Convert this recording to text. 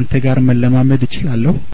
ከአንተ ጋር መለማመድ እችላለሁ